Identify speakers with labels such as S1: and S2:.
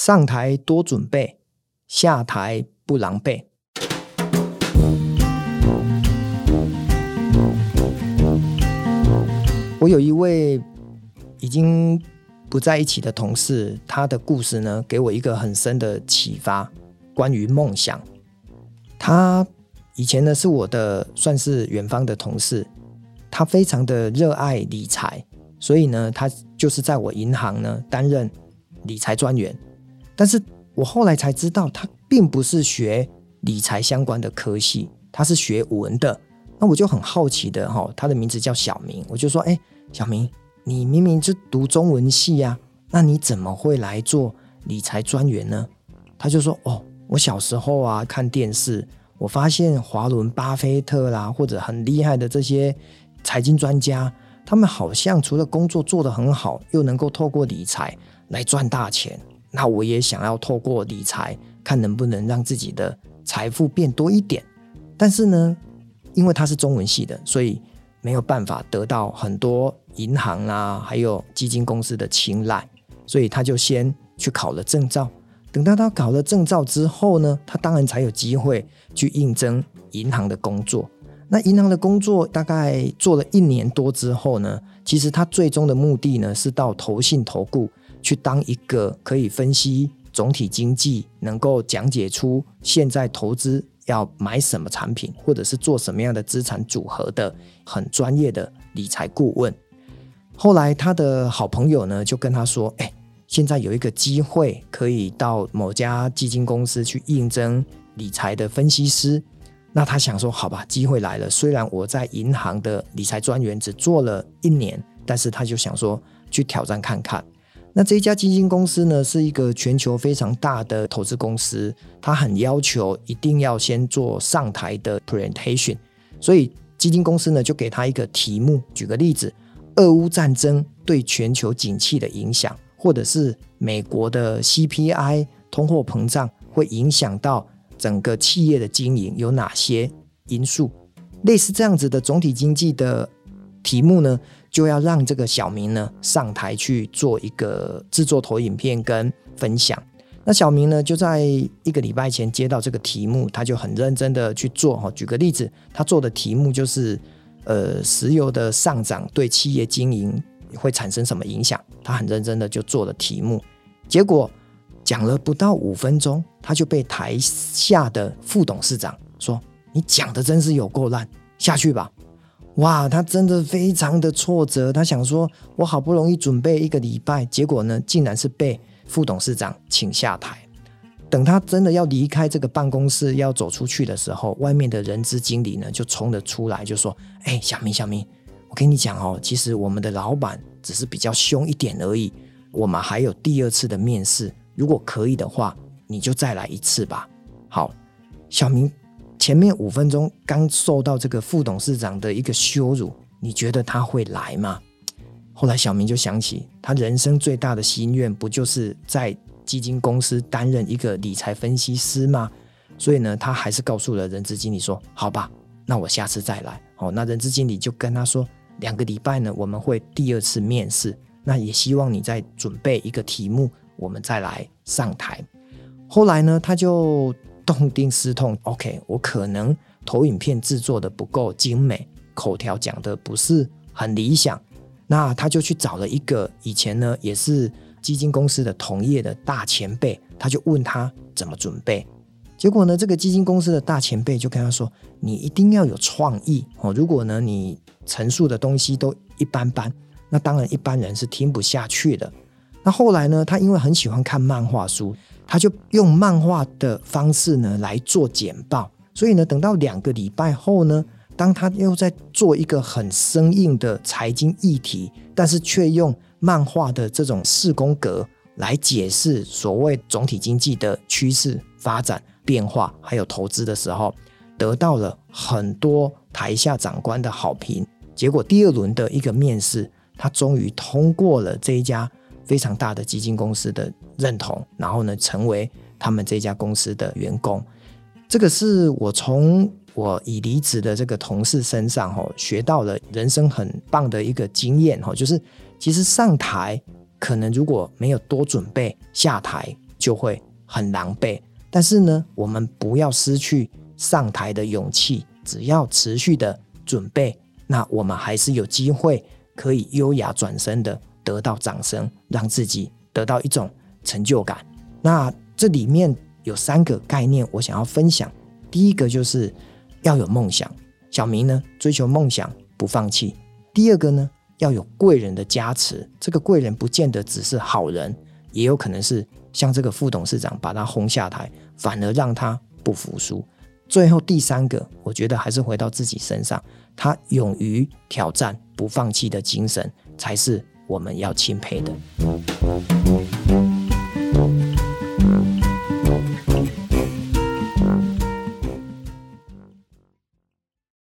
S1: 上台多準備，下台不狼狽。我有一位已經不在一起的同事，他的故事呢，給我一個很深的啟發，關於夢想。他以前呢，是我的，算是遠方的同事，他非常的熱愛理財，所以呢，他就是在我銀行呢，擔任理財專員。但是我後來才知道，他並不是學理財相關的科系，他是學文的。那我就很好奇的，他的名字叫小明，我就說，哎，小明，你明明是讀中文系呀，那你怎麼會來做理財專員呢？他就說，哦，我小時候啊，看電視，我發現華倫巴菲特啦，或者很厲害的這些財經專家，他們好像除了工作做得很好，又能夠透過理財來賺大錢。那我也想要透過理財，看能不能讓自己的財富變多一點。但是呢，因為他是中文系的，所以沒有辦法得到很多銀行啊，還有基金公司的青睞，所以他就先去考了證照。等到他考了證照之後呢，他當然才有機會去應徵銀行的工作。那銀行的工作大概做了一年多之後呢，其實他最終的目的呢，是到投信投顧。去當一個可以分析總體經濟，能夠講解出現在投資要買什麼產品，或者是做什麼樣的資產組合的很專業的理財顧問。後來他的好朋友呢就跟他說：“欸，現在有一個機會可以到某家基金公司去應徵理財的分析師。”那他想說：“好吧，機會來了。雖然我在銀行的理財專員只做了一年，但是他就想說去挑戰看看。”那這一家基金公司呢，是一個全球非常大的投資公司，它很要求一定要先做上台的 presentation，所以基金公司呢就給他一個題目，舉個例子，俄烏戰爭對全球景氣的影響，或者是美國的 CPI 通貨膨脹會影響到整個企業的經營有哪些因素，類似這樣子的總體經濟的題目呢？就要讓這個小明呢上台去做一個制作投影片跟分享。那小明呢就在一個禮拜前接到這個題目，他就很認真的去做哈、哦。舉個例子，他做的題目就是呃石油的上漲對企業經營會產生什麼影響？他很認真的就做了題目，結果講了不到五分鐘，他就被台下的副董事長說：“你講的真是有夠爛，下去吧。”哇，他真的非常的挫折。他想說，我好不容易準備一個禮拜，結果呢，竟然是被副董事長請下台。等他真的要離開這個辦公室，要走出去的時候，外面的人資經理呢就衝了出來，就說：“哎，小明，小明，我跟你講哦，其實我們的老闆只是比較兇一點而已。我們還有第二次的面試，如果可以的話，你就再來一次吧。”好，小明。前面五分鐘剛受到這個副董事長的一個羞辱，你覺得他會來嗎？後來小明就想起，他人生最大的心願不就是在基金公司擔任一個理財分析師嗎？所以呢，他還是告訴了人資經理說：“好吧，那我下次再來。”哦，那人資經理就跟他說：“兩個禮拜呢，我們會第二次面試，那也希望你再準備一個題目，我們再來上台。”後來呢，他就。痛定思痛，OK，我可能投影片製作的不夠精美，口條講的不是很理想，那他就去找了一個以前呢也是基金公司的同業的大前輩，他就問他怎麼準備，結果呢這個基金公司的大前輩就跟他說，你一定要有創意哦，如果呢你陳述的東西都一般般，那當然一般人是聽不下去的。那後來呢他因為很喜歡看漫畫書。他就用漫畫的方式呢來做簡報，所以呢，等到兩個禮拜後呢，當他又在做一個很生硬的財經議題，但是卻用漫畫的這種四宮格來解釋所謂總體經濟的趨勢發展變化，還有投資的時候，得到了很多台下長官的好評。結果第二輪的一個面試，他終於通過了這一家非常大的基金公司的認同，然後呢，成為他們這家公司的員工，這個是我從我已離職的這個同事身上哈學到了，人生很棒的一個經驗哈，就是其實上台可能如果沒有多準備，下台就會很狼狽。但是呢，我們不要失去上台的勇氣，只要持續的準備，那我們還是有機會可以優雅轉身的。得到掌聲，讓自己得到一種成就感。那這裡面有三個概念，我想要分享。第一個就是要有夢想，小明呢追求夢想不放棄。第二個呢，要有貴人的加持。這個貴人不見得只是好人，也有可能是像這個副董事長把他轟下台，反而讓他不服輸。最後第三個，我覺得還是回到自己身上，他勇於挑戰、不放棄的精神才是。我們要欽佩的。